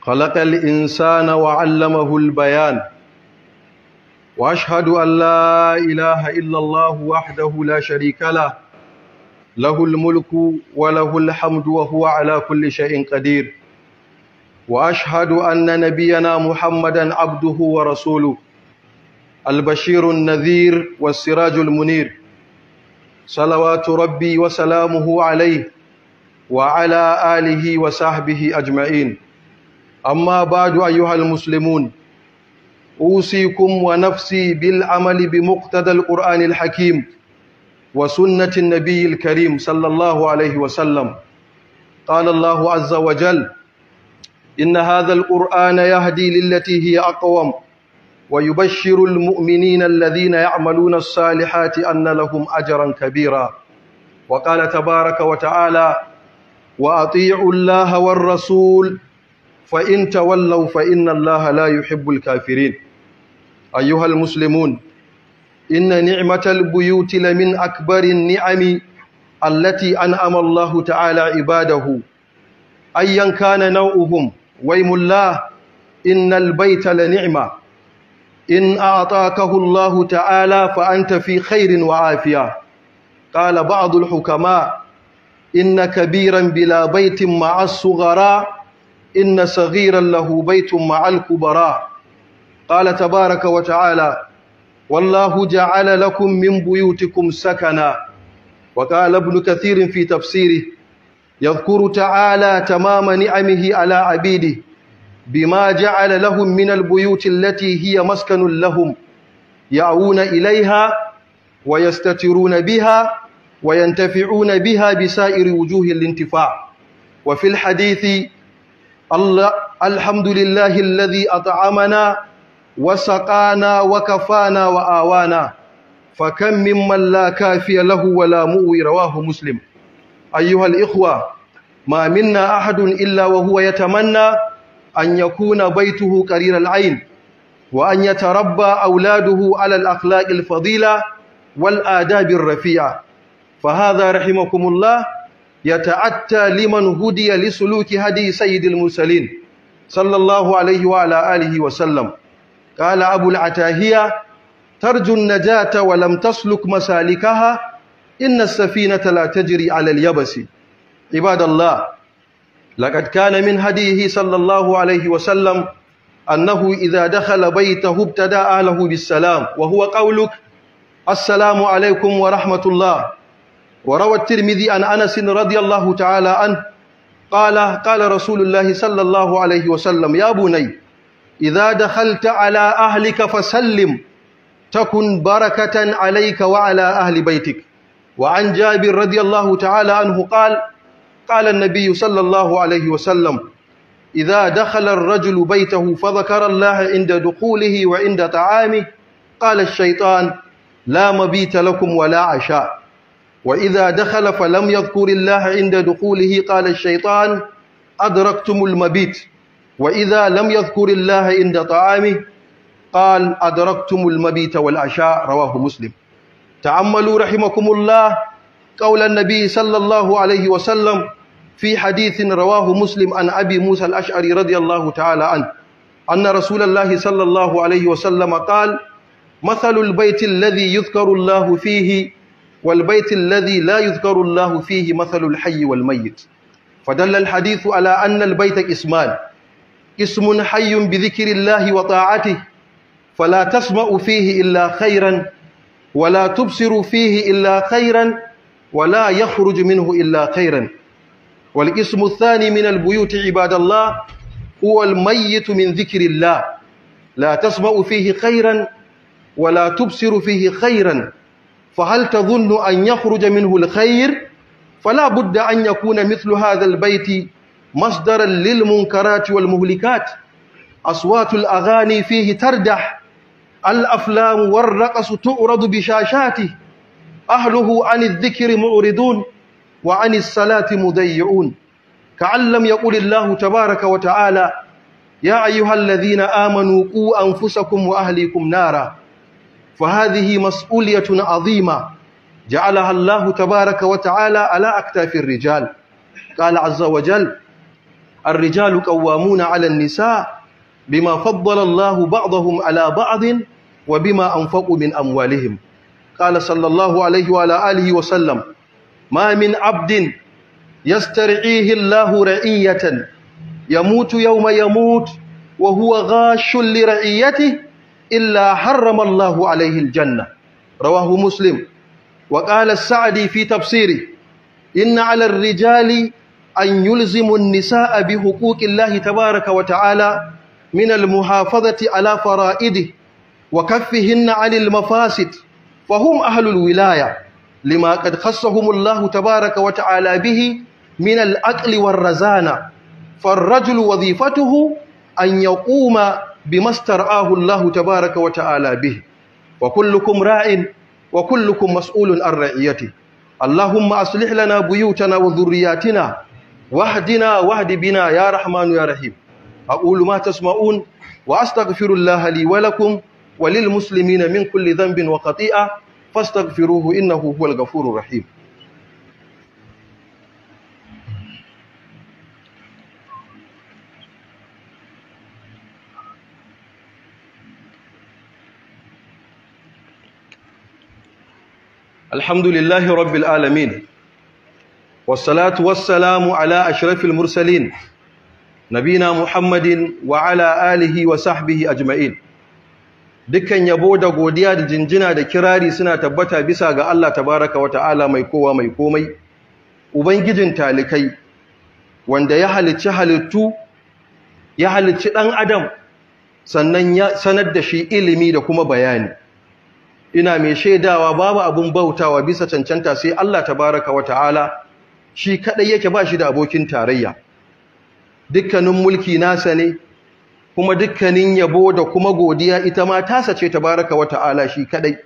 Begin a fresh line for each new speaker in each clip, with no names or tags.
خلق الإنسان وعلمه البيان وأشهد أن لا إله إلا الله وحده لا شريك له له الملك وله الحمد وهو على كل شيء قدير وأشهد أن نبينا محمدا عبده ورسوله البشير النذير والسراج المنير صلوات ربي وسلامه عليه وعلى آله وصحبه أجمعين amma ba ju ayyuhal muslimun usikum wa nafsi bil amali bi muqtadal qur'anil hakim wa sunnatin nabiyil karim sallallahu alaihi wa sallam qala allah azza wa jalla ان هذا القران يهدي للتي هي اقوم ويبشر المؤمنين الذين يعملون الصالحات ان لهم اجرا كبيرا وقال تبارك وتعالى واطيعوا الله والرسول فإن تولوا فإن الله لا يحب الكافرين أيها المسلمون إن نعمة البيوت لمن أكبر النعم التي أنعم الله تعالى عباده أيا كان نوعهم ويم الله إن البيت لنعمة إن أعطاكه الله تعالى فأنت في خير وعافية قال بعض الحكماء إن كبيرا بلا بيت مع الصغراء إن صغيرا له بيت مع الكبراء قال تبارك وتعالى والله جعل لكم من بيوتكم سكنا وقال ابن كثير في تفسيره يذكر تعالى تمام نعمه على عبيده بما جعل لهم من البيوت التي هي مسكن لهم يعون إليها ويستترون بها وينتفعون بها بسائر وجوه الانتفاع وفي الحديث الله الحمد لله الذي أطعمنا وسقانا وكفانا وآوانا فكم ممن لا كافي له ولا مؤوي رواه مسلم أيها الإخوة ما منا أحد إلا وهو يتمنى أن يكون بيته قرير العين وأن يتربى أولاده على الأخلاق الفضيلة والآداب الرفيعة فهذا رحمكم الله يتأتى لمن هدي لسلوك هدي سيد المرسلين صلى الله عليه وعلى آله وسلم قال أبو العتاهية ترجو النجاة ولم تسلك مسالكها إن السفينة لا تجري على اليبس عباد الله لقد كان من هديه صلى الله عليه وسلم أنه إذا دخل بيته ابتدى أهله بالسلام وهو قولك السلام عليكم ورحمة الله وروى الترمذي عن أنس رضي الله تعالى عنه قال قال رسول الله صلى الله عليه وسلم يا بني إذا دخلت على أهلك فسلم تكن بركة عليك وعلى أهل بيتك وعن جابر رضي الله تعالى عنه قال قال النبي صلى الله عليه وسلم إذا دخل الرجل بيته فذكر الله عند دخوله وعند طعامه قال الشيطان لا مبيت لكم ولا عشاء وإذا دخل فلم يذكر الله عند دخوله قال الشيطان أدركتم المبيت وإذا لم يذكر الله عند طعامه قال أدركتم المبيت والعشاء رواه مسلم تعملوا رحمكم الله قول النبي صلى الله عليه وسلم في حديث رواه مسلم عن أبي موسى الأشعري رضي الله تعالى عنه أن رسول الله صلى الله عليه وسلم قال مثل البيت الذي يذكر الله فيه والبيت الذي لا يذكر الله فيه مثل الحي والميت فدل الحديث على أن البيت اسمان اسم حي بذكر الله وطاعته فلا تسمع فيه إلا خيرا ولا تبصر فيه إلا خيرا ولا يخرج منه إلا خيرا والاسم الثاني من البيوت عباد الله هو الميت من ذكر الله لا تسمع فيه خيرا ولا تبصر فيه خيرا فهل تظن أن يخرج منه الخير فلا بد أن يكون مثل هذا البيت مصدرا للمنكرات والمهلكات أصوات الأغاني فيه تردح الأفلام والرقص تعرض بشاشاته أهله عن الذكر معرضون وعن الصلاة مضيعون كأن لم يقل الله تبارك وتعالى يا أيها الذين آمنوا قوا أنفسكم وأهليكم نارا فهذه مسؤولية عظيمة جعلها الله تبارك وتعالى على أكتاف الرجال قال عز وجل الرجال قوامون على النساء بما فضل الله بعضهم على بعض وبما أنفقوا من أموالهم قال صلى الله عليه وعلى آله وسلم ما من عبد يسترعيه الله رعية يموت يوم يموت وهو غاش لرعيته illa harramallahu alaihi janna. rawahu muslim wa qala as fi tafsiri inna 'ala rijali an yulzimu an-nisaa bi huquqi tabaraka tabaaraka wa ta'ala min al-muhafazati 'ala fara'idi wa kaffihinna 'ani al-mafasid fa hum ahlul wilaya lima qad khassahumullahu tabaaraka wa ta'ala bihi minal al-aqli war-razana fa ar-rajulu wadhifatuhu an Bimastar star'ahu Allah tabaaraka wa ta'ala bihi wa kullukum ra'in wa kullukum mas'ulun an ra'iyyati. Allahumma aslih lana buyutana wa dhurriyyatina wahdina wahdi bina ya rahmanu ya rahim aqulu ma tasma'un wa astaghfirullaha li wa lakum wa lil muslimina min kulli dhanbin wa khati'a fastaghfiruhu innahu huwal ghafurur rahim الحمد لله رب العالمين ala والسلام على Nabina Muhammadin, نبينا محمد wa آله وصحبه أجمعين dukkan yabo da godiya da jinjina da kirari suna tabbata bisa ga Allah tabaraka wa ta'ala mai kowa mai komai ubangijin talikai wanda ya halicci halittu ya halicci ɗan adam sannan ya sanar da shi ilimi da kuma bayani ina mai shaidawa babu abun bautawa bisa cancanta sai Allah tabaraka wa ta'ala shi kaɗai yake ba shi da abokin tarayya dukkanin mulki nasa ne kuma dukkanin yabo da kuma godiya ita ma tasa ce tabaraka wa ta'ala shi kadai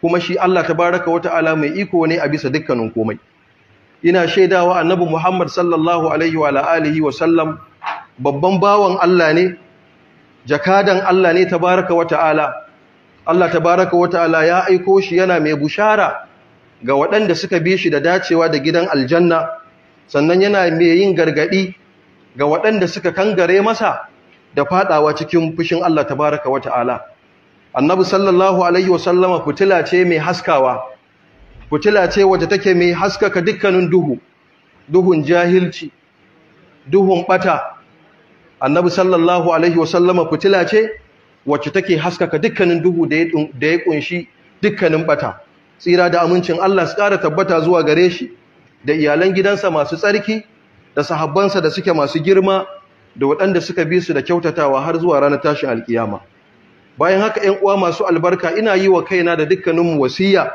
kuma shi Allah tabaraka wa ta'ala mai iko ne a bisa dukkanin komai ina shaidawa annabi Muhammad sallallahu alaihi wa alihi wa sallam babban bawan Allah ne jakadan Allah ne tabaraka wa ta'ala Allah tabaraka wa ta'ala ya aiko shi yana mai bushara ga waɗanda suka bi shi da dacewa da gidan aljanna sannan yana mai yin gargaɗi ga waɗanda suka kangare masa da faɗawa cikin fushin Allah tabaraka wa ta'ala annabi sallallahu alaihi wasallama fitila ce mai haskawa fitila ce wacce take mai haskaka dukkanin duhu duhun jahilci duhun bata annabi sallallahu alaihi wasallama fitila ce wacce take haskaka dukkanin duhu da ya kunshi dukkanin bata tsira da amincin Allah su kara tabbata zuwa gare shi da iyalan gidansa masu tsarki da sahabbansa da suke masu girma da waɗanda suka bi su da kyautatawa har zuwa ranar tashin alkiyama bayan haka 'yan uwa masu albarka ina yi wa kaina da dukkaninmu wasiya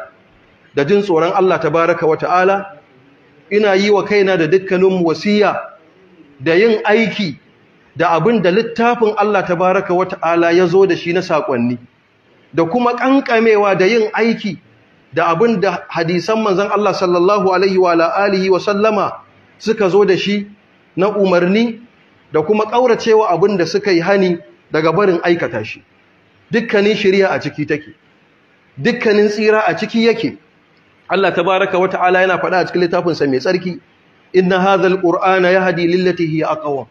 da jin tsoron Allah tabaraka wa ta'ala ina yi wa kaina da dukkaninmu wasiya da yin aiki da abin da littafin Allah tabaraka wata'ala ya zo da shi na sakonni da kuma ƙanƙamewa da yin aiki da abin da hadisan manzan Allah sallallahu alaihi wa alihi wa sallama suka zo da shi na umarni da kuma ƙauracewa abin da suka yi hani daga barin aikata shi dukkanin shirya a ciki take dukkanin tsira a ciki yake Allah tabaraka wata'ala yana faɗa a cikin littafinsa mai tsarki inna hadhal qur'ana yahdi lillati hiya aqwam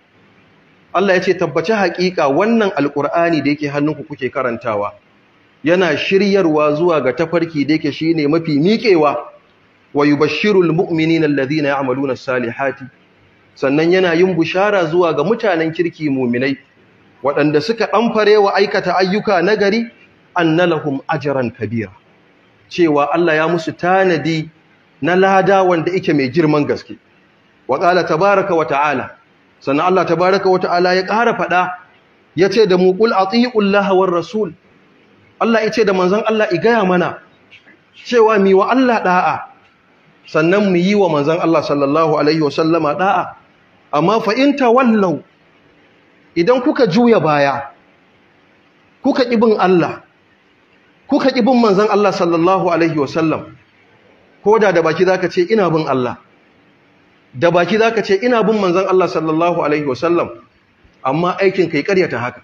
Allah ya ce tabbaci haƙiƙa wannan alƙur'ani da yake hannunku kuke karantawa yana shiryarwa zuwa ga tafarki da yake ne mafi miƙewa wa yubashshirul mu'minina na ya'maluna na salihati sannan yana yin bushara zuwa ga mutanen kirki mu'minai waɗanda suka ɗanfarewa wa aikata ayyuka nagari annalahum ajran kabira cewa Allah ya musu tanadi na lada wanda yake mai girman gaske wa ƙala tabaraka wa ta'ala sannan Allah tabaraka wa ta'ala ya ƙara faɗa ya ce da muƙul a tsiƙullaha war rasul Allah ya ce da manzan Allah i gaya mana cewa mi wa Allah ɗa'a sannan mu yi wa manzan Allah sallallahu alaihi wasallama ɗa'a amma fa'inta wallau idan kuka juya baya kuka ƙibin Allah kuka ƙibin manzan Allah sallallahu alaihi wasallam ko da da baki za ka ce ina bin Allah da baki za ka ce ina bin manzan Allah sallallahu alaihi wasallam amma aikin kai karyata haka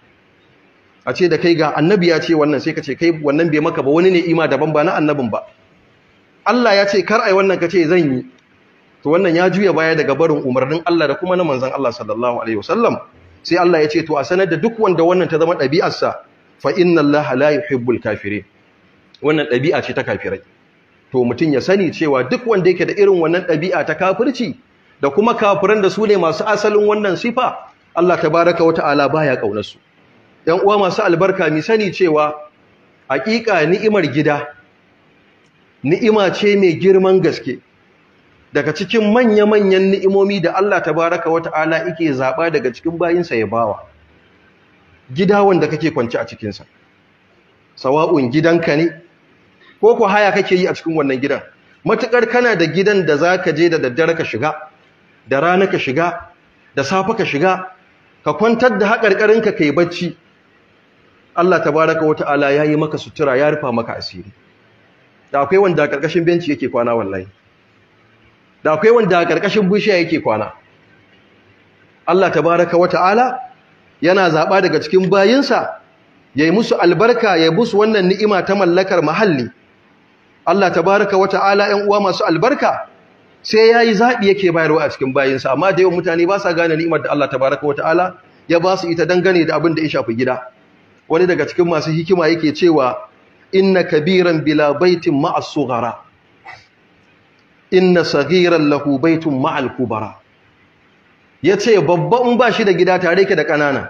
a ce da kai ga annabi ya ce wannan sai ka ce kai wannan bai maka ba wani ne ima daban ba na annabin ba Allah ya ce kar ai wannan ka ce zan yi to wannan ya juya baya daga barin umarnin Allah da kuma na manzan Allah sallallahu alaihi wasallam sai Allah ya ce to a sanar da duk wanda wannan ta zama ɗabi'arsa fa inna Allah la yuhibbul kafirin wannan ɗabi'a ce ta kafirai to mutum ya sani cewa duk wanda yake da irin wannan ɗabi'a ta kafirci da kuma kafiran da su ne masu asalin wannan sifa Allah tabaraka wa ta'ala baya ya su uwa masu albarka mi sani cewa haƙiƙa ni'imar gida ni'ima ce mai girman gaske daga cikin manya-manyan ni'imomi da Allah tabaraka wa ta'ala yake zaba daga cikin bayinsa ya bawa gida wanda kake kwance a cikinsa sawa'un gidanka ne ko ku haya kake yi a cikin wannan gidan matukar kana da gidan da za ka je da daddare ka shiga da rana ka shiga da safa ka shiga ka kwantar da haƙarƙarinka yi bacci Allah tabaraka wa ta'ala ya yi maka sutura ya rufa maka asiri da akwai wanda a ƙarƙashin benci yake kwana wallahi da akwai wanda a ƙarƙashin bishiya yake kwana Allah tabaraka wa ta'ala yana zaɓa daga cikin bayinsa ya yi musu albarka ya busu wannan ni'ima ta mallakar mahalli Allah tabaraka wa ta'ala ‘yan uwa masu albarka sai ya yayi zabi yake bayarwa a cikin bayinsa amma da yawan mutane ba sa gane ni'imar da Allah tabaraka wa ta'ala ya ba su ita dangane da abin da ya shafi gida wani daga cikin masu hikima yake cewa inna kabiran bila baitin ma'as sughara inna saghiran lahu baitun ma'al kubara yace babban ba shi da gida tare yake da kanana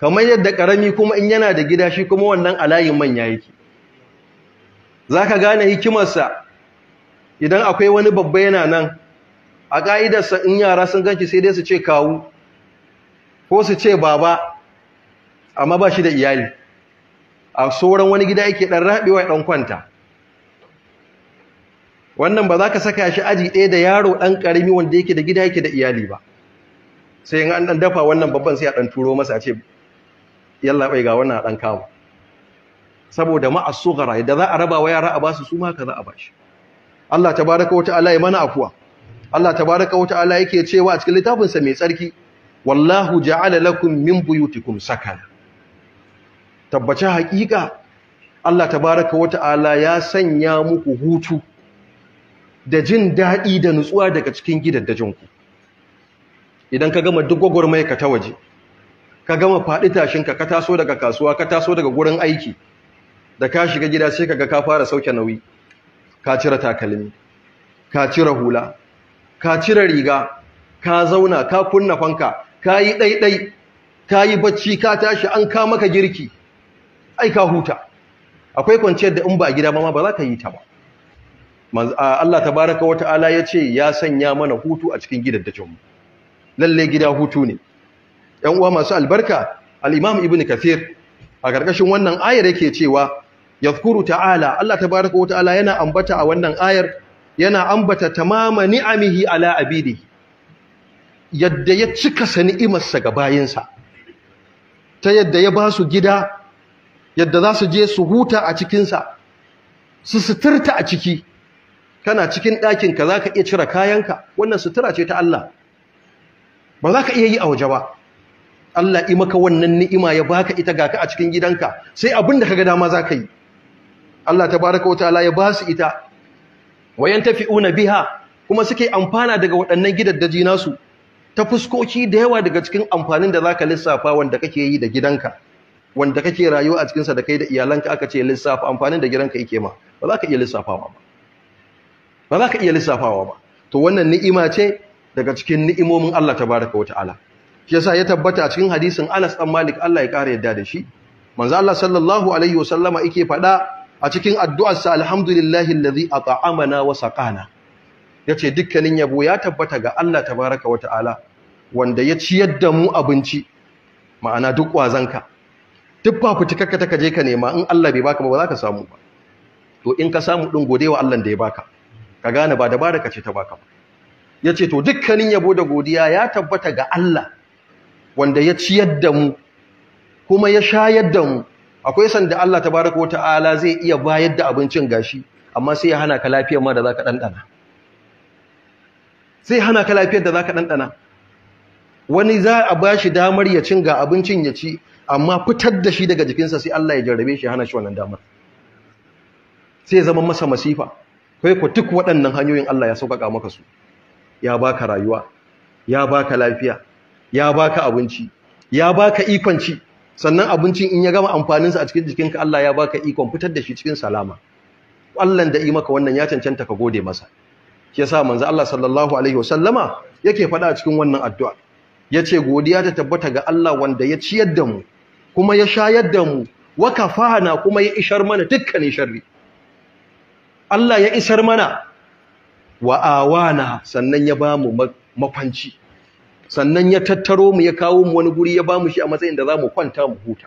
kamar yadda karami kuma in yana da gida shi kuma wannan alayin manya yake zaka gane hikimarsa idan akwai wani babba yana nan a ƙa'idarsa in yara sun ganci sai dai su ce kawu ko su ce baba amma ba shi da iyali a sauran wani gida yake ɗan raɓewa ɗan kwanta wannan ba za ka saka shi aji ɗaya da yaro ɗan ƙarami wanda yake da gida yake da iyali ba sai yin an ɗan dafa wannan babban sai a ɗan turo masa a ce yalla ɓai ga wannan a ɗan kawo saboda ma'asogara da za a raba wa yara a ba su ma ka za a ba shi. Allah tabaraka wa ta'ala ya mana afuwa Allah tabaraka wa ta'ala yake cewa a cikin littafin sa mai tsarki wallahu ja'ala lakum min buyutikum sakana tabbaci haƙiƙa Allah tabaraka wata ta'ala ya sanya muku hutu da jin daɗi da nutsuwa daga cikin gidajenku. idan ka gama duk gwagwarmai ka ta waje ka gama faɗi tashinka ka taso daga kasuwa ka taso daga gurin aiki da ka shiga gida sai ka ga ka fara sauke nauyi ka cire takalmi ka cire hula ka cire riga ka zauna ka kunna fanka ka yi ɗaiɗai ka yi bacci ka tashi an ka maka girki ai ka huta akwai kwanciyar da in ba gida ba ma ba za ka yi ta ba Allah tabaraka wa ta'ala ya ce ya sanya mana hutu a cikin gidan dajinmu lalle gida hutu ne ‘yan uwa masu albarka al'imam ibn kafir a ƙarƙashin wannan ayar yake cewa yadhkuru ta'ala Allah tabaaraka wa ta'ala yana ambata a wannan ayar yana ambata tamama ni'amihi ala abidi yadda ya cika sa ni'imarsa ga bayinsa ta yadda ya ba su gida yadda za su je su huta a cikinsa su suturta a ciki kana cikin ɗakinka za ka iya cire kayanka wannan sutura ce ta Allah ba za ka iya yi a waje ba Allah yi maka wannan ni'ima ya baka ita ga ka a cikin gidanka sai abin da ka ga dama za ka yi Allah tabaraka wa ya ba su ita wayan tafi'una biha kuma suke amfana daga waɗannan gidaddaji nasu ta fuskoki da yawa daga cikin amfanin da zaka lissafa wanda kake yi da gidanka wanda kake rayuwa a cikinsa da kai da iyalanka aka ce lissafa amfanin da gidanka yake ma ba za ka iya lissafawa ba ba za ka iya lissafawa ba to wannan ni'ima ce daga cikin ni'imomin Allah tabaraka wata'ala shi yasa ya tabbata a cikin hadisin Anas dan Malik Allah ya kare yadda da shi manzo Allah sallallahu alaihi wasallama yake faɗa a cikin addu'arsa alhamdulillahi a allazi wasa ƙana. Ya ce dukkanin yabo ya tabbata ga Allah baraka wa ta'ala wanda ya ciyar da mu abinci ma'ana duk wazanka duk ba fitikakka ta kaje ka nema in Allah bai baka ba ba za ka samu ba to in ka samu gode godewa Allah da ya baka ka gane ba da ka ce ta baka ba ce to dukkanin yabo da godiya ya tabbata ga Allah wanda ya ciyar da mu kuma ya shayar da mu akwai sanda Allah tabaraka wa ta'ala zai iya bayar da abincin gashi amma sai ya hana ka lafiyar ma da zaka dandana sai hana ka lafiyar da zaka dandana wani za a bashi damar ya cin ga abincin ya ci amma fitar da shi daga jikinsa sai Allah ya jarrabe shi hana shi wannan damar sai zama masa masifa kai ku duk waɗannan hanyoyin Allah ya sauƙaƙa maka su ya baka rayuwa ya baka lafiya ya baka abinci ya baka ikonci. ci sannan abincin in ya gama amfaninsa a cikin jikinka Allah ya baka ikon fitar da shi cikin salama Allah da yi maka wannan ya cancanta ka gode masa shi yasa manzo Allah sallallahu alaihi wasallama yake faɗa cikin wannan addu'a yace godiya ta tabbata ga Allah wanda ya ciyar da mu kuma ya shayar da mu wa kafana kuma ya ishar mana dukkanin sharri Allah ya isar mana wa awana sannan ya ba mu mafanci sannan ya tattaro mu ya kawo mu wani guri ya ba mu shi a matsayin da za mu kwanta mu huta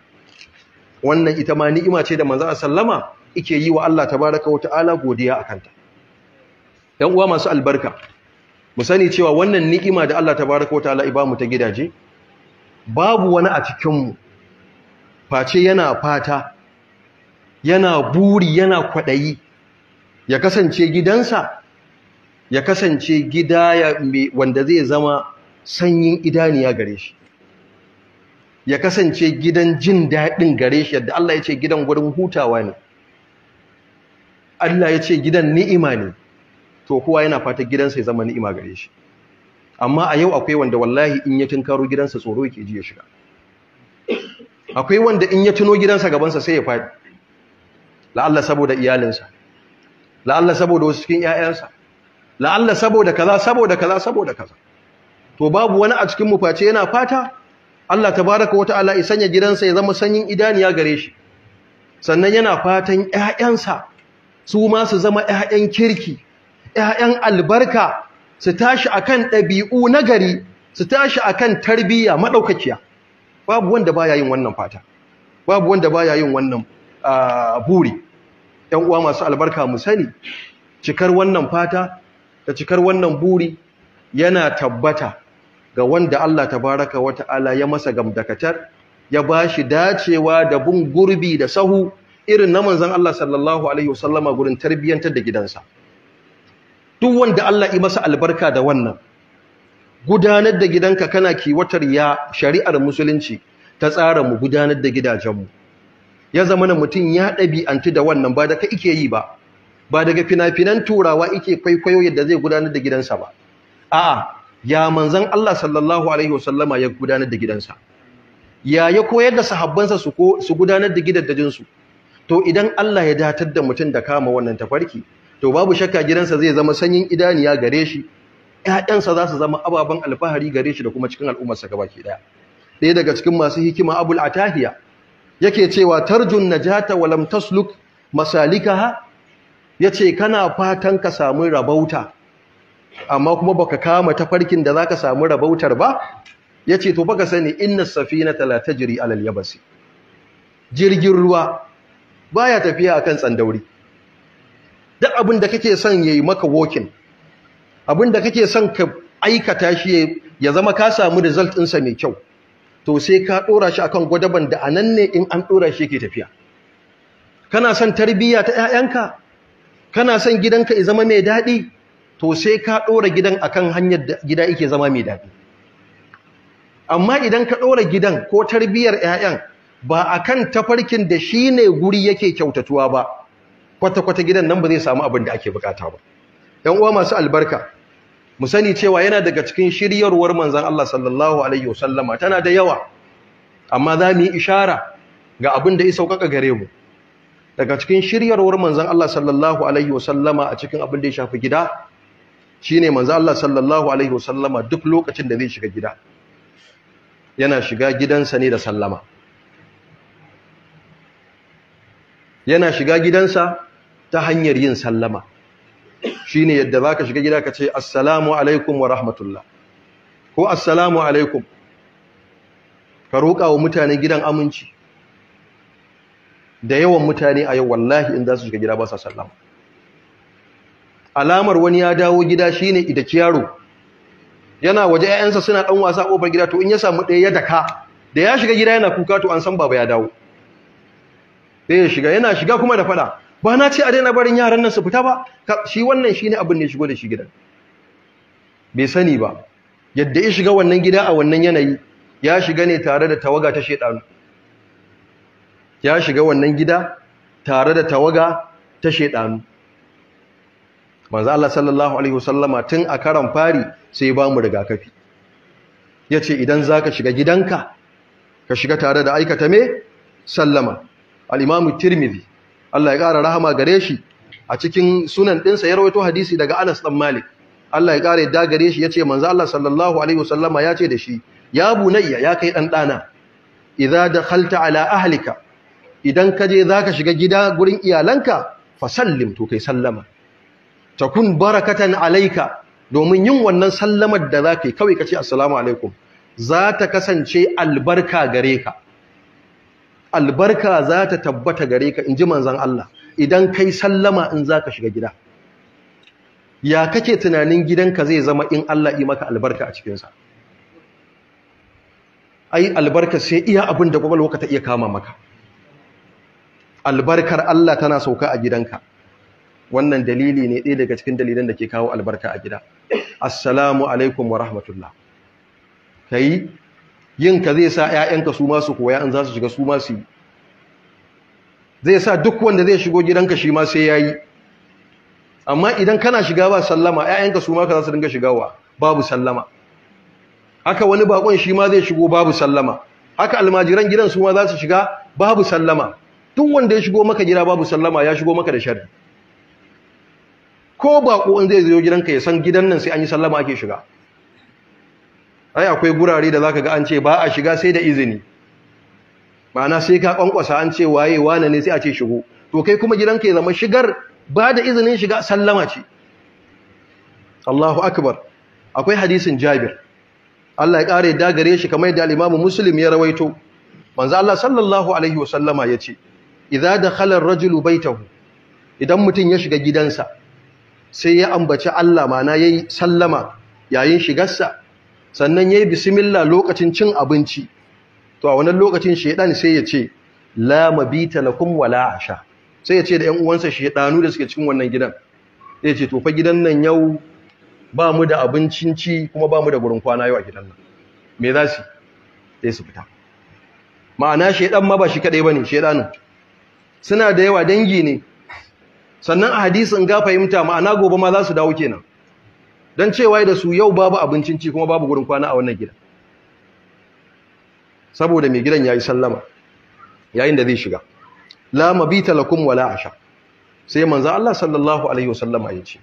wannan ita ma ni'ima ce da manzo a sallama ike yi wa Allah tabaraka wata'ala godiya a kanta ‘yan uwa masu albarka mu sani cewa wannan ni'ima da Allah tabaraka wata'ala ba mu ta gidaje babu wani a cikin mu face yana fata yana buri yana kwaɗayi ya kasance gidansa ya kasance gida wanda zai zama sanyin idaniya gare shi ya kasance gidan jin daɗin gare shi yadda Allah ya ce gidan gudun hutawa ne Allah ya ce gidan ni'ima ne to kuwa yana fata gidansa ya zama ni'ima gare shi amma a yau akwai wanda wallahi in ya tunkaro gidansa tsoro yake ji ya shiga akwai wanda in ya tuno gidansa gabansa sai ya faɗi la'alla saboda iyalinsa la'alla saboda wasu cikin 'ya'yansa la'alla saboda kaza saboda kaza saboda kaza to babu wani a cikin mufaci yana fata Allah tabaraka wata'ala ya sanya gidansa ya zama sanyin idaniya gare shi sannan yana fatan 'ya'yansa, su ma su zama ƴaƴan kirki 'ya'yan albarka su tashi akan ɗabi'u nagari su tashi akan tarbiyya madaukakiya babu wanda baya yin wannan fata babu wanda baya yin wannan buri ƴan uwa masu albarka mu sani cikar wannan fata da cikar wannan buri yana tabbata ga wanda Allah tabaraka wa ta'ala ya masa gamdakatar ya ba shi dacewa da bin gurbi da sahu irin na manzon Allah sallallahu alaihi wasallama gurin tarbiyantar da gidansa duk wanda Allah yi masa albarka da wannan gudanar da gidanka kana kiwatar ya shari'ar musulunci ta tsara mu gudanar da gidajenmu ya zama na mutum ya ɗabi'antu da wannan ba da ka ike yi ba ba daga fina-finan turawa ike kwaikwayo yadda zai gudanar da gidansa ba a'a ya manzan Allah sallallahu alaihi wasallama ya gudanar da gidansa ya ya koyar da sahabbansa su gudanar da gidaddajinsu to idan Allah ya datar da mutum da kama wannan tafarki to babu shakka gidansa zai zama sanyin idaniya gare shi 'ya'yansa za su zama ababen alfahari gare shi da kuma cikin al'ummarsa gabaki ɗaya ɗaya daga cikin masu hikima abul atahiya yake cewa tarjun najata wa lam tasluk masalikaha yace kana fatan ka samu rabauta amma kuma baka kama tafarkin da zaka samu rabautar ba yace to baka sani inna safinata la tajri al yabasi jirgin ruwa baya tafiya akan tsandauri duk abin da kake son yayi maka walking abin da kake son ka aikata shi ya zama ka samu result ɗinsa mai kyau to sai ka ɗora shi akan gwadaban da anan ne in an ɗora shi yake tafiya kana son tarbiyya ta 'ya'yanka kana son gidanka ya zama mai daɗi to sai ka ɗora gidan akan hanyar da gida yake zama mai daɗi amma idan ka ɗora gidan ko tarbiyyar 'ya'yan ba akan tafarkin da shi ne guri yake kyautatuwa ba kwata-kwata gidan nan ba zai samu abin da ake bukata ba yan uwa masu albarka mu sani cewa yana daga cikin shiryarwar manzan Allah sallallahu alaihi wasallama tana da yawa amma za mu yi ishara ga abin da ya saukaka gare mu daga cikin shiryarwar manzan Allah sallallahu alaihi wasallama a cikin abin da ya shafi gida shine manzo Allah sallallahu alaihi wasallama duk lokacin da zai shiga gida yana shiga gidansa ne da sallama yana shiga gidansa ta hanyar yin sallama ne yadda zaka shiga gida ka ce assalamu alaikum wa rahmatullah ko assalamu alaikum ka roƙa wa mutane gidan aminci da yawan mutane a yau wallahi in za su shiga gida ba sa sallama alamar wani ya dawo gida shine idaki yaro yana waje 'ya'yansa suna ɗan wasa ƙofar gida to in ya samu ɗaya ya daka da ya shiga gida yana kuka to an san baba ya dawo sai ya shiga yana shiga kuma da fada ba na ce a daina barin yaran nan su fita ba shi wannan shine abin da ya shigo da shi gidan bai sani ba yadda ya shiga wannan gida a wannan yanayi ya shiga ne tare da tawaga ta shedanu ya shiga wannan gida tare da tawaga ta shedanu manzo Allah sallallahu alaihi wasallama tun a karan fari sai ba mu rigakafi yace idan zaka shiga gidanka ka shiga tare da aikata me sallama al-imam tirmidhi Allah ya kara rahama gare shi a cikin sunan ɗinsa ya rawaito hadisi daga Anas dan Malik Allah ya kara yadda gare shi yace manzo Allah sallallahu alaihi wasallama yace da shi ya bunayya ya kai dan dana idza dakhalta ala ahlika idan kaje zaka shiga gida gurin iyalanka fa sallim to kai sallama takun barakatan alaika domin yin wannan sallamar da za ka yi kawai ka ce assalamu alaikum za ta kasance albarka gare ka albarka za ta tabbata gare ka in ji manzan Allah idan ka yi sallama in za ka shiga gida ya kake tunanin gidanka zai zama in Allah yi maka albarka a cikinsa ai albarka sai iya abin da kwakwalwa ta iya kama maka albarkar Allah tana sauka a gidanka wannan dalili ne ɗaya daga cikin dalilan da ke kawo albarka a gida assalamu alaikum wa rahmatullah yi? yin ka zai sa 'ya'yanka su masu su koya in za su shiga su masu yi zai sa duk wanda zai shigo gidanka shi ma sai ya yi? amma idan kana shiga ba sallama 'ya'yanka su maka ka za su dinga shigawa babu sallama haka wani bakon shi ma zai shigo babu sallama haka almajiran gidan su ma za su shiga babu sallama duk wanda ya shigo maka gida babu sallama ya shigo maka da sharri ko bako in zai zo gidanka ya san gidan nan sai an yi sallama ake shiga ai akwai gurare da zaka ga an ce ba a shiga sai da izini ma'ana sai ka kwankwasa an ce waye wane ne sai a ce shigo to kai kuma gidanka ya zama shigar ba da izinin shiga sallama ce Allahu akbar akwai hadisin Jabir Allah ya kare da gare shi kamar da al-Imam Muslim ya rawaito manzo Allah sallallahu alaihi wasallama yace idza dakhala ar-rajulu baytahu idan mutun ya shiga gidansa sai ya ambaci Allah mana yayi sallama yayin shigarsa sannan ya yi bismillah lokacin cin abinci to a wannan lokacin shaidan sai ya ce la mabita lakum wala asha sai ya ce da ƴan uwansa shedanu da suke cikin wannan gidan sai ya ce to fa gidan nan yau ba mu da abincin ci kuma ba mu da gurin kwana yau a gidan nan me za su sai su fita ma'ana shaidan ma ba shi kadai bane shedanin suna da yawa dangi ne sannan a hadisin ga fahimta ma'ana gobe ma za su dawo kenan don cewa da su yau babu abincin ci kuma babu gurin kwana a wannan gida saboda mai gidan ya yi sallama yayin da zai shiga la mabita lakum wala asha sai manzo Allah sallallahu alaihi wasallama ya ce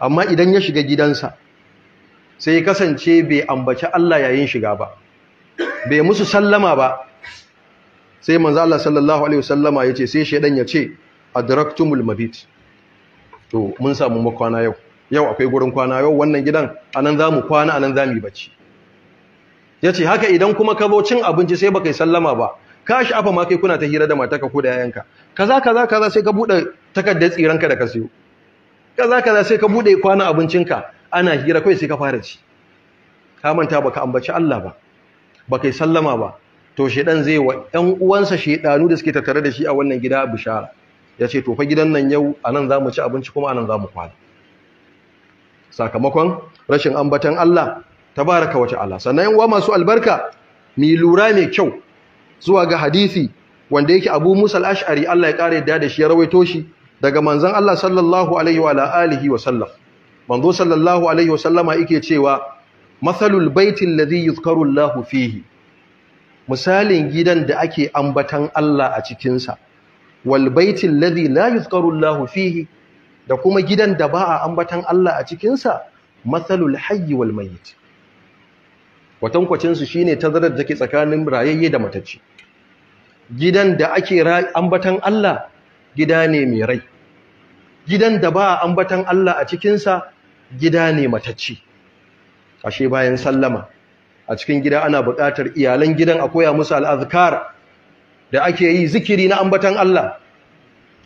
amma idan ya shiga gidansa sai ya kasance bai ambaci Allah yayin shiga ba bai musu sallama ba sai manzo Allah sallallahu alaihi wasallama ya ce sai shedan ya ce adraktumul mabit to mun samu makwana yau yau akwai gurin kwana yau wannan gidan anan zamu kwana anan zamu yi bacci yace haka idan kuma ka zo cin abinci sai baka yi sallama ba ka afa ma kai kuna ta hira da matarka ko da yayanka kaza kaza kaza sai ka bude takardar tsiranka da ka siyo kaza kaza sai ka bude kwana abincinka ana hira kai sai ka fara ci ka manta baka ambaci Allah ba baka yi sallama ba to shedan zai wa ƴan uwansa shedanu da suke tattare da shi a wannan gida bishara ya ce tofa gidan nan yau a nan za mu ci abinci kuma a nan za mu kwana sakamakon rashin ambatan Allah ta baraka wace Allah sannan uwa masu albarka mi lura mai kyau zuwa ga hadisi wanda yake Abu musal ashari Allah ya kare da da shi ya rawaito shi daga manzon Allah sallallahu alaihi wa alihi wa sallam manzo sallallahu alaihi wa sallama yake cewa masalul baiti alladhi yuzkaru Allah fihi misalin gidan da ake ambatan Allah a cikinsa. wal baiti alladhi la yuzkaru Allahu fihi da kuma gidan da ba a ambatan Allah a cikinsa matsalul hayyi wal mayyit watankwacinsu shi ne tazarar da ke tsakanin rayayye da matacci gidan da ake ambatan Allah gida ne mai rai gidan da ba a ambatan Allah a cikinsa gida ne matacci ashe bayan sallama a cikin gida ana buƙatar iyalan gidan a koya musu al'azkar da ake yi zikiri na ambatan Allah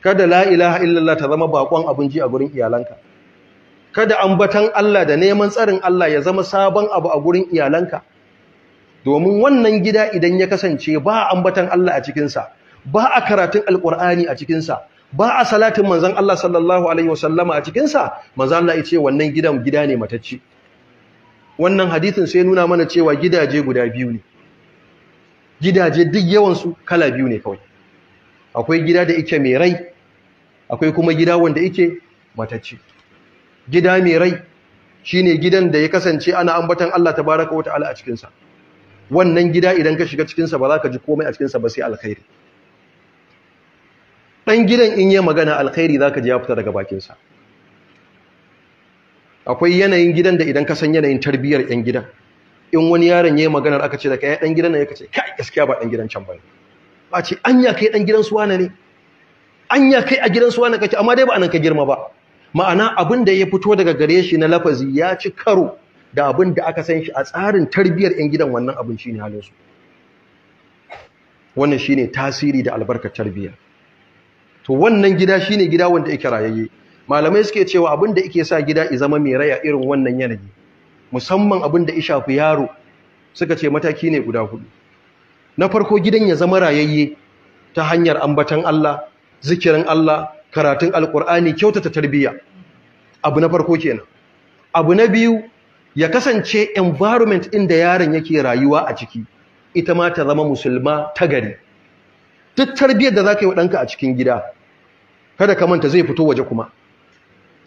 kada la ilaha illallah ta zama bakon abin ji a gurin iyalanka kada ambatan Allah da neman tsarin Allah ya zama sabon abu a gurin iyalanka domin wannan gida idan ya kasance ba ambatan Allah a cikinsa ba a karatun alkur'ani a cikinsa ba a salatin manzon Allah sallallahu alaihi wasallama a cikinsa manzon Allah ya ce wannan gidan gida ne matacci wannan hadisin sai nuna mana cewa gidaje guda biyu ne gidaje duk yawansu kala biyu ne kawai akwai gida da ike mai rai akwai kuma gida wanda ike matacce gida mai rai shine gidan da ya kasance ana ambatan Allah tabaraka wa ta'ala a cikinsa wannan gida idan ka shiga cikinsa ba za ka ji komai a cikinsa ba sai alkhairi ɗan gidan in yi magana alkhairi za ka ji ya fita daga bakinsa akwai yanayin gidan da idan ka san yanayin tarbiyyar 'yan gidan in wani yaron yi maganar aka ce da kai dan gidan ne kace kai gaskiya ba dan gidan can bane ba ce anya kai dan gidan su wane ne anya kai a gidan su wane kace amma dai ba anan ka girma ba ma'ana abin da ya fito daga gare shi na lafazi ya ci karo da abin da aka san shi a tsarin tarbiyyar ɗan gidan wannan abin shine halin su wannan shine tasiri da albarkar tarbiyya to wannan gida shine gida wanda yake rayayye malamai suke cewa abin da yake sa gida i zama mai raya irin wannan yanayi musamman abin da ishafi yaro suka ce mataki ne guda hudu na farko gidan ya zama rayayye ta hanyar ambatan Allah zikirin Allah karatun alkur'ani kyautata tarbiyya abu na farko kenan abu na biyu ya kasance environment inda yaron yake rayuwa a ciki ita ma ta zama musulma ta gari duk tarbiyyar da za ka yi wa a cikin gida kada ka manta zai fito waje kuma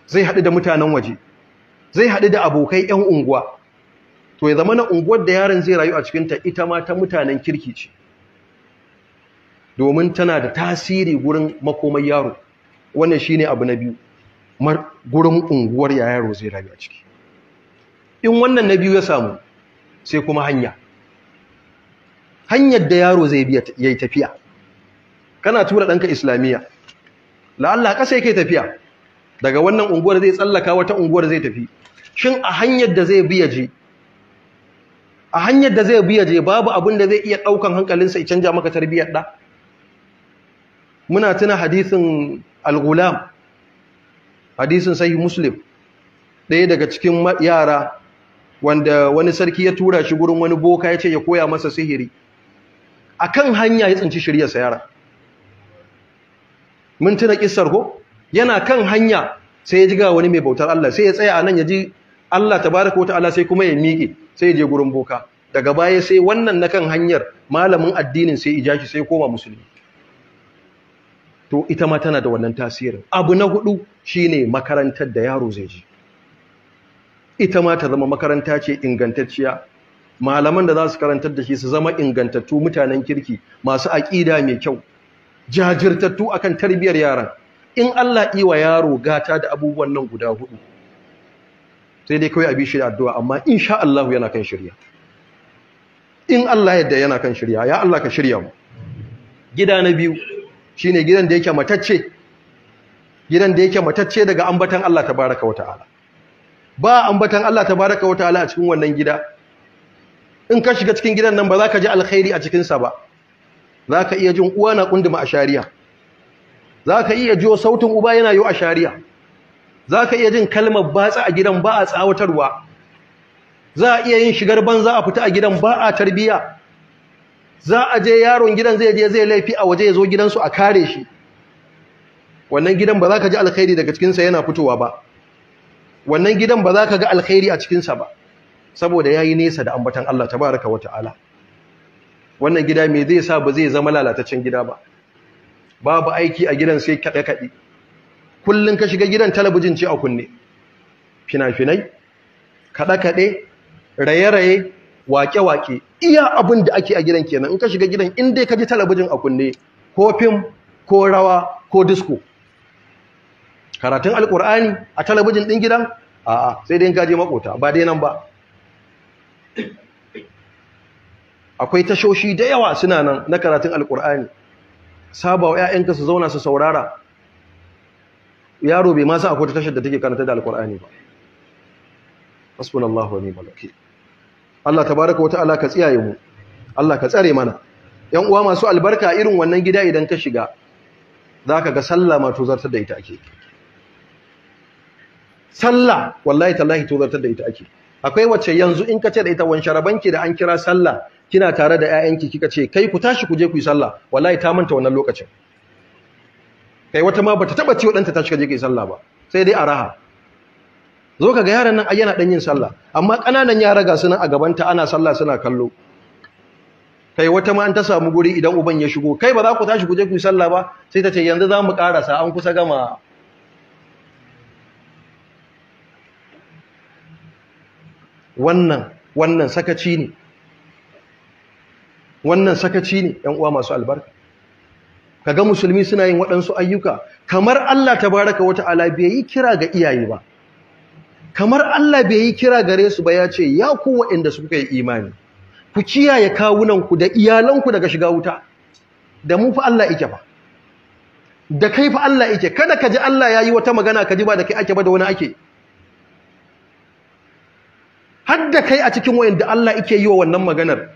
zai haɗu da mutanen waje zai haɗu da abokai 'yan unguwa to ya zama na unguwar da yaron zai rayu a cikinta ita ma ta mutanen kirki ce domin tana da tasiri gurin makomai yaro wannan shi ne abu na biyu gurin unguwar ya yaro zai rayu a ciki in wannan na biyu ya samu sai kuma hanya hanyar da yaro zai biya yi tafiya kana tura ɗanka islamiyya la'alla ƙasa yake tafiya daga wannan unguwar zai tsallaka wata unguwar zai tafi shin a hanyar da zai biya je a hanyar da zai biya je babu abin da zai iya ɗaukan hankalinsa ya canja maka tarbiyyar ɗa muna tuna hadisin al-gulam hadisin sahih muslim ɗaya daga cikin yara wanda wani sarki ya tura shi gurin wani boka ya ce ya koya masa sihiri akan hanya ya tsinci sa yara mun tuna kissar ko yana kan hanya sai ya ji ga wani mai bautar Allah sai ya tsaya anan ya ji Allah ta tabaraka wata ala sai kuma ya miƙe sai je gurin boka daga baya sai wannan na kan hanyar malamin addinin sai ija shi sai koma musulmi to ita ma tana da wannan tasirin abu na hudu shine makarantar da yaro zai ji ita ma ta zama makaranta ce ingantacciya malaman da za su karantar da shi su zama ingantattu mutanen kirki masu aƙida mai kyau jajirtattu akan tarbiyyar yaran in Allah iwa yaro gata da abubuwan nan guda hudu sai dai kawai a bi shi da addu'a amma sha Allah yana kan shirya in Allah yadda yana kan shirya ya Allah ka shirya mu gida na biyu shine gidan da yake matacce gidan da yake matacce daga ambatan Allah Ta tabaraka wataala ba ambatan Allah Ta tabaraka wataala a cikin wannan gida in ka shiga cikin gidan nan ba za ka ji alkhairi a cikinsa ba za ka iya jin uwa na kunduma a shari'a za ka iya jiwo sautin uba yana yo a shari'a za ka iya jin kalmar batsa a gidan ba a tsawatarwa za a iya yin shigar banza a fita a gidan ba a tarbiya za a je yaron gidan zai je zai laifi a waje ya zo gidansu a kare shi wannan gidan ba za ka ji alkhairi daga cikinsa yana fitowa ba wannan gidan ba za ka ga alkhairi a cikinsa ba saboda ya yi nesa da ambatan Allah tabaraka wa ta'ala wannan gida mai zai sa ba zai zama lalataccen gida ba babu aiki a gidan sai kaɗe-kaɗe kullum ka shiga gidan talabijin ce a kunne fina-finai kaɗe-kaɗe raye-raye wake-wake iya abin da ake a gidan kenan in ka shiga gidan inda ka ji talabijin a kunne ko fim ko rawa ko disko karatun alkur'ani a talabijin ɗin gidan a'a sai dai gaji ka je makota ba dai nan ba akwai tashoshi da yawa suna nan na karatun alkur'ani Sabawa 'ya'yanka su zauna su saurara yaro bai ma san akwai tashar da take karanta da alkur'ani ba hasbunallahu wa ni'mal wakeel Allah tabaaraka wa ta'ala ka tsiyaye mu Allah ka tsare mana yan uwa masu albarka irin wannan gida idan ka shiga zaka ga sallah ma tozartar da ita ake sallah wallahi tallahi tozartar da ita ake akwai wacce yanzu in ka ce da ita sharabanki da an kira sallah kina tare da 'ya'yanki kika ce kai ku tashi ku je ku yi sallah wallahi ta manta wannan lokacin kai wata ma bata taba ciwo danta ta shiga je sallah ba sai dai a raha zo ka ga yaran nan a yana dan yin sallah amma kananan yara ga sunan a gabanta ana sallah suna kallo kai wata ma an ta samu guri idan uban ya shigo kai ba za ku tashi ku je ku yi sallah ba sai ta ce yanzu za mu karasa an kusa gama wannan wannan sakaci ne wannan sakaci ne yan uwa masu albarka Ka ga musulmi suna yin waɗansu ayyuka kamar Allah Ta wata ala bai yi kira ga iyaye ba kamar Allah bai yi kira gare su ba ya ce ya ku waɗanda kuka yi imani ku kiyaye kawunanku da iyalanku daga shiga wuta da mu fa Allah ike ba da kai fa Allah ike kada ka ji Allah ya yi wata magana ka ji ba da kai ake ba da wani ake har kai a cikin da Allah ike yi wa wannan maganar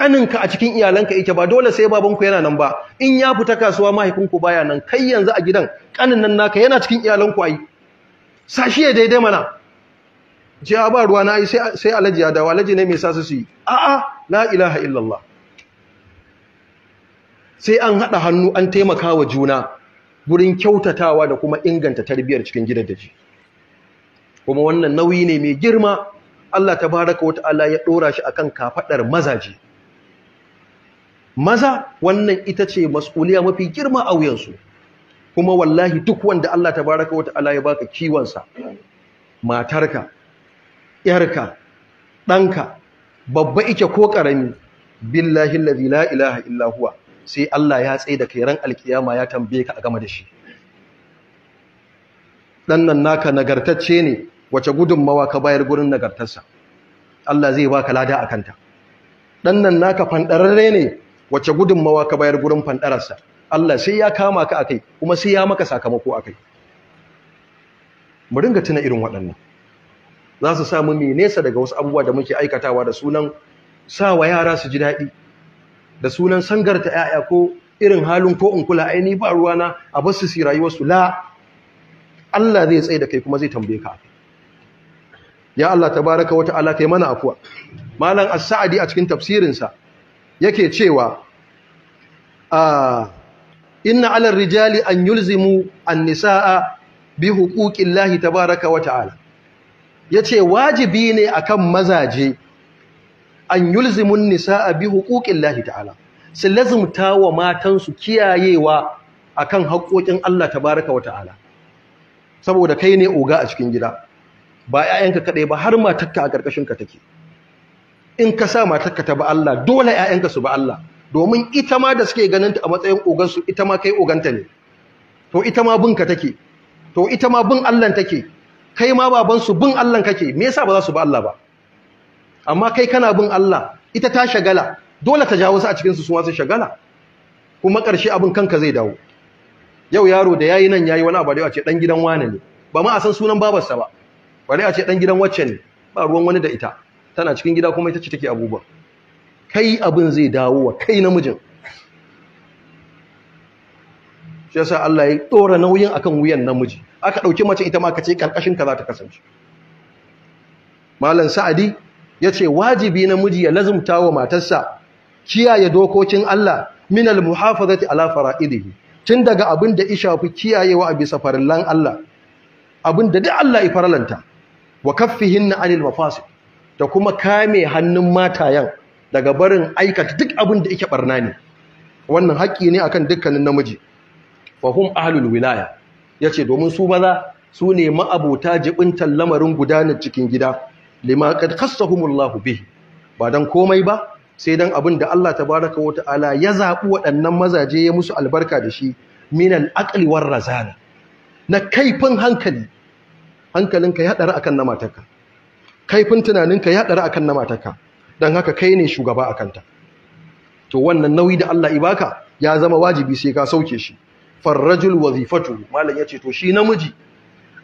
kaninka a cikin iyalanka ita ba dole sai babanku yana nan ba in ya fita kasuwa mahaifinku baya nan kai yanzu a gidan kanin nan naka yana cikin iyalanku ai sashi ya daidai mana ce a ba ruwa na ai sai alaji ya dawo alaji ne mai sa su yi a'a la ilaha illallah sai an haɗa hannu an taimaka wa juna gurin kyautatawa da kuma inganta tarbiyar cikin gidan daji kuma wannan nauyi ne mai girma Allah tabaraka wa ta'ala ya ɗora shi akan kafaɗar mazaje maza wannan ita ce mas'uliya mafi girma a wuyansu kuma wallahi duk wanda Allah Ta wa ta'ala ya baka kiwonsa matarka yarka ɗanka babba ike ko ƙarami billahi allazi la ilaha illa huwa sai Allah ya tsaye da kai ran alkiyama ya tambaye ka a game da shi dan nan naka nagartacce ne wace gudunmawa ka bayar gurin nagartarsa Allah zai baka lada a kanta. Ɗannan naka fandararre ne wacce gudunmawa ka bayar gurin fandararsa Allah sai ya kama ka akai kuma sai ya maka sakamako akai mu ringa tuna irin waɗannan za su samu mai nesa daga wasu abubuwa da muke aikatawa da sunan sawa yara su ji daɗi da sunan sangarta 'ya'ya ko irin halin ko in kula aini ba ruwana a basu su rayuwarsu la Allah zai tsaye da kai kuma zai tambaye ka ya Allah tabaraka wa ta'ala kai mana afuwa malam as-sa'di a cikin tafsirin sa yake cewa ah, inna alar rijali an yulzimu an nisa'a bi huquqillahi baraka wa ta'ala yace wajibi ne akan mazaje an yulzimun nisa'a bi huquqillahi ta'ala su lazumta wa matansu kiyayewa akan haƙoƙin Allah ta wa ta'ala saboda kai ne oga a cikin gida ba 'ya'yanka kaɗai ba har matarka a ƙarƙashinka take in ka sa matarka ta ba Allah dole ƴaƴanka su ba Allah domin ita ma da suke ganin ta a matsayin ogansu ita ma kai oganta ne to ita ma bin ka take to ita ma bin Allah take kai ma baban su bin Allah kake me yasa ba za su ba Allah ba amma kai kana bin Allah ita ta shagala dole ta jawo su a cikin su su wasu shagala kuma karshe abin kanka zai dawo yau yaro da yayi nan yayi wani abu da ya ce dan gidan wane ne ba ma a san sunan babarsa ba bare a ce dan gidan wacce ne ba ruwan wani da ita tana cikin gida kuma ita ce take abubuwa kai abin zai dawo wa kai namijin shi yasa Allah ya dora nauyin akan wuyan namiji aka dauki mace ita ma ka ce karkashin ka za ta kasance malam sa'adi yace wajibi namiji ya lazumta wa matarsa kiyaye dokokin Allah min al-muhafazati ala fara'idihi tun daga abin da isha fi kiyayewa a bisa farillan Allah abin da duk Allah ya faralanta wa kaffihinna anil mafasid da kuma kame hannun matayen daga barin aikata duk abin da yake barna ne wannan haƙƙi ne akan dukkanin namiji wa hum ahlul wilaya yace domin su maza su ne ma'abota jibintan lamarin gudanar cikin gida lima qad khassahumullahu bihi ba dan komai ba sai dan abin da Allah tabaraka wata'ala ta'ala ya zaɓi waɗannan mazaje ya musu albarka da shi minal aqli war razana na kaifin hankali hankalinka ya dara akan na matarka kaifin tunaninka ya ɗara kan na matarka don haka kai ne shugaba a kanta to wannan nauyi da Allah ibaka ya zama wajibi sai ka sauke shi farrajul wazifatu malam ya ce to shi namiji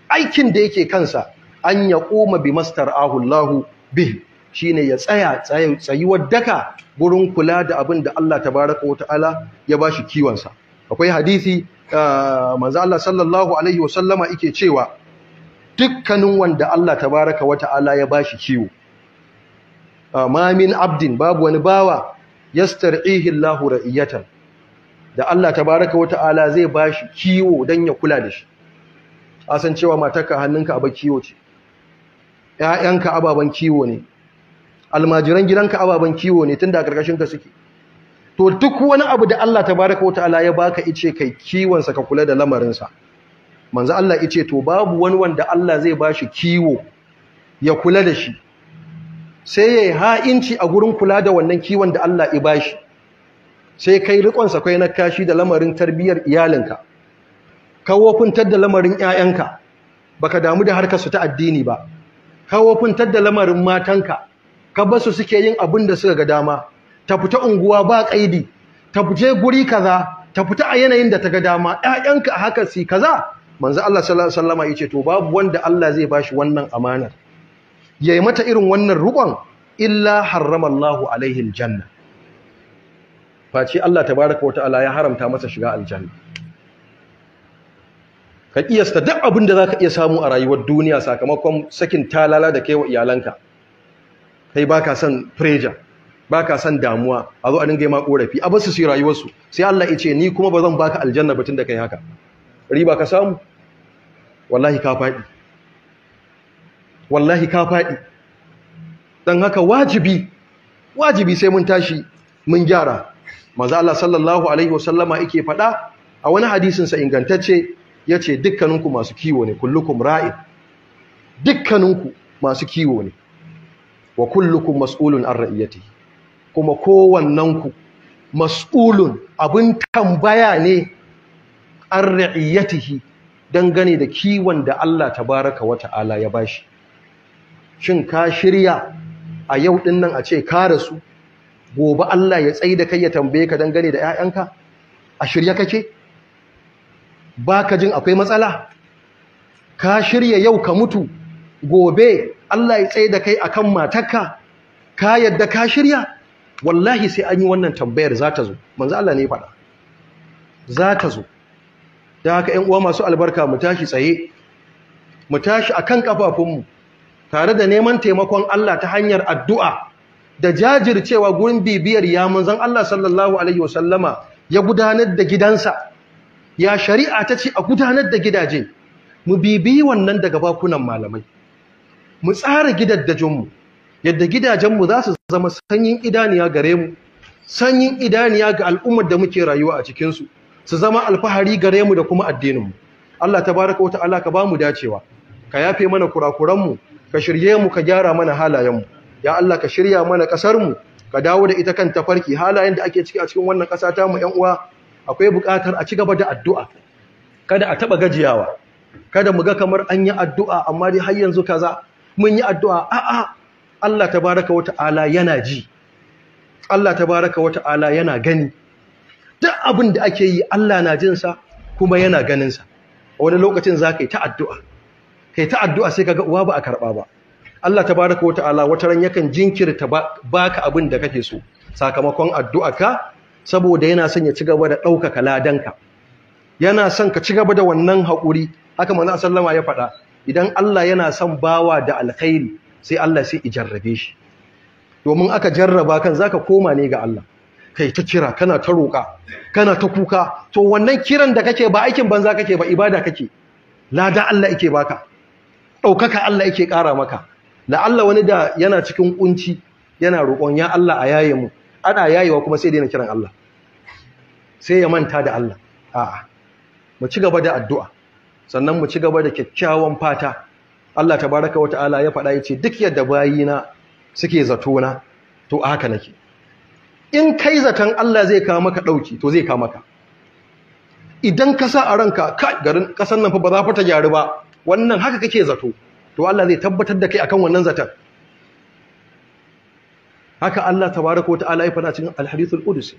aikin da yake kansa an ya koma bi mastar ahullahu bih ne ya tsaya tsayuwar daka gurin kula da abin da Allah tabaraka wataala ya ba shi kiwonsa akwai hadisi ah, manzo Allah sallallahu alaihi wasallama yake cewa dukkanin wanda Allah tabaraka wata'ala ya bashi kiwo ah, ma min abdin babu wani bawa yastar'ihi Allahu ra'iyatan da Allah tabaraka wata'ala zai bashi kiwo dan ya kula da shi asan cewa matarka hannunka aba kiwo ce ƴaƴanka ababan kiwo ne almajiran gidanka ababan kiwo ne tunda karkashin ka suke to duk wani abu da Allah tabaraka wata'ala ya baka ice kai kiwon sa ka kula da lamarin sa manzo Allah ce to babu wani wanda Allah zai bashi kiwo ya kula da shi sai ya yi ha'inci a gurin kula da wannan kiwon da Allah ya ba shi sai kai rikon sa kai na kashi da lamarin tarbiyyar iyalinka kawofintar da lamarin ƴaƴanka baka damu da harkar su ta addini ba kawofintar da lamarin matanka ka su suke yin abin da suka ga dama ta fita unguwa ba kaidi ta fije guri kaza ta fita a yanayin da ta ga dama ƴaƴanka haka si kaza manzo Allah sallallahu alaihi wasallama yace to babu wanda Allah zai bashi wannan amanar yayi mata irin wannan rubon illa harramallahu alaihi aljanna face Allah tabaaraka ta'ala ya haramta masa shiga aljanna ka kiyasta duk abin da zaka iya samu a rayuwar duniya sakamakon sakin talala da kaiwa iyalanka kai baka son pressure baka son damuwa a zo a dinga yi ma korafi a basu su rayuwarsu sai Allah ya ce ni kuma bazan baka aljanna batun da kai haka riba ka samu wallahi ka faɗi wallahi ka faɗi don haka wajibi wajibi sai mun tashi mun gyara maza Allah sallallahu alaihi wasallama ike faɗa a wani hadisinsa ingantacce ya ce dukkaninku masu kiwo ne kullukum ra'in dukkaninku masu kiwo ne wa kullukum mas'ulun an ra’iyyati kuma kowannanku mas'ulun abin tambaya ne an ra'iyatihi dangane da kiwon da Allah tabaraka wa ta'ala ya bashi shin ka shirya a yau din nan a ce ka rasu gobe Allah ya tsaida kai ya tambaye ka dangane da 'ya'yanka? a shirya kake baka jin akwai matsala ka shirya yau ka mutu gobe Allah ya tsaida kai akan matarka ka yadda ka shirya wallahi sai an yi wannan tambayar za ta zo manzo Allah ne ya faɗa za ta zo Da haka ‘yan uwa masu albarka mu tashi tsaye mu tashi a kan ƙafafunmu tare da neman taimakon Allah ta hanyar addu'a da jajircewa gurin bibiyar ya zan Allah sallallahu Alaihi wasallama ya gudanar da gidansa ya shari'a ta ce a gudanar da gidaje mu bibiyi wannan daga bakunan malamai mu tsara gidajenmu yadda gidajenmu za su zama sanyin idaniya gare mu sanyin idaniya ga al'ummar da muke rayuwa a cikinsu su zama alfahari gare mu da kuma addininmu Allah tabaraka wa ta'ala ka bamu dacewa ka yafe mana kurakuranmu ka shirye mu ka gyara mana halayenmu ya Allah ka shirya mana kasarmu ka dawo da ita kan tafarki halayen da ake ciki a cikin wannan kasa ta mu yan uwa akwai buƙatar a ci gaba da addu'a kada a taba gajiyawa kada mu ga kamar an yi addu'a amma dai har yanzu kaza mun yi addu'a a'a Allah tabaraka wa ta'ala yana ji Allah tabaraka wa ta'ala yana gani duk abin da ake yi Allah na jin sa kuma yana ganin sa wani lokacin za ka yi ta addu'a kai ta addu'a sai kaga uwa ba a karɓa ba Allah tabaraka ta’ala wata ran yakan jinkirta baka abin da kake so sakamakon addu'a ka? saboda yana son ya ci gaba da ɗaukaka ladanka yana son ka ci gaba da wannan haƙuri haka manzo sallama ya faɗa idan Allah yana son bawa da alkhairi sai Allah sai i jarrabe shi domin aka jarraba kan zaka koma ne ga Allah kai ta kira kana ta roƙa kana ta kuka to wannan kiran da kake ba aikin banza kake ba ibada kake lada Allah yake baka ɗaukaka Allah yake ƙara maka Allah wani da yana cikin kunci yana roƙon ya Allah a yaye mu ana yayewa kuma sai na kiran Allah sai ya manta da Allah a'a mu ci gaba da addu'a sannan mu ci gaba da kyakkyawan fata Allah tabaraka ta'ala ya faɗa yace duk yadda bayina suke zato na to haka nake in kai zaton Allah zai kawo maka ɗauki to zai kawo maka idan ka sa a ranka ka garin ƙasar nan fa ba za fa ta gyaru ba wannan haka kake zato to Allah zai tabbatar da kai akan wannan zaton haka Allah tabaraka wa ta'ala ya faɗa cikin al-hadithul qudsi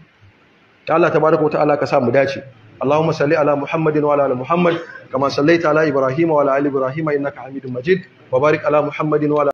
ta Allah tabaraka wa ta'ala ka sa mu dace اللهم صل على محمد وعلى ال محمد كما صليت على ابراهيم وعلى ال ابراهيم انك حميد مجيد وبارك على محمد وعلى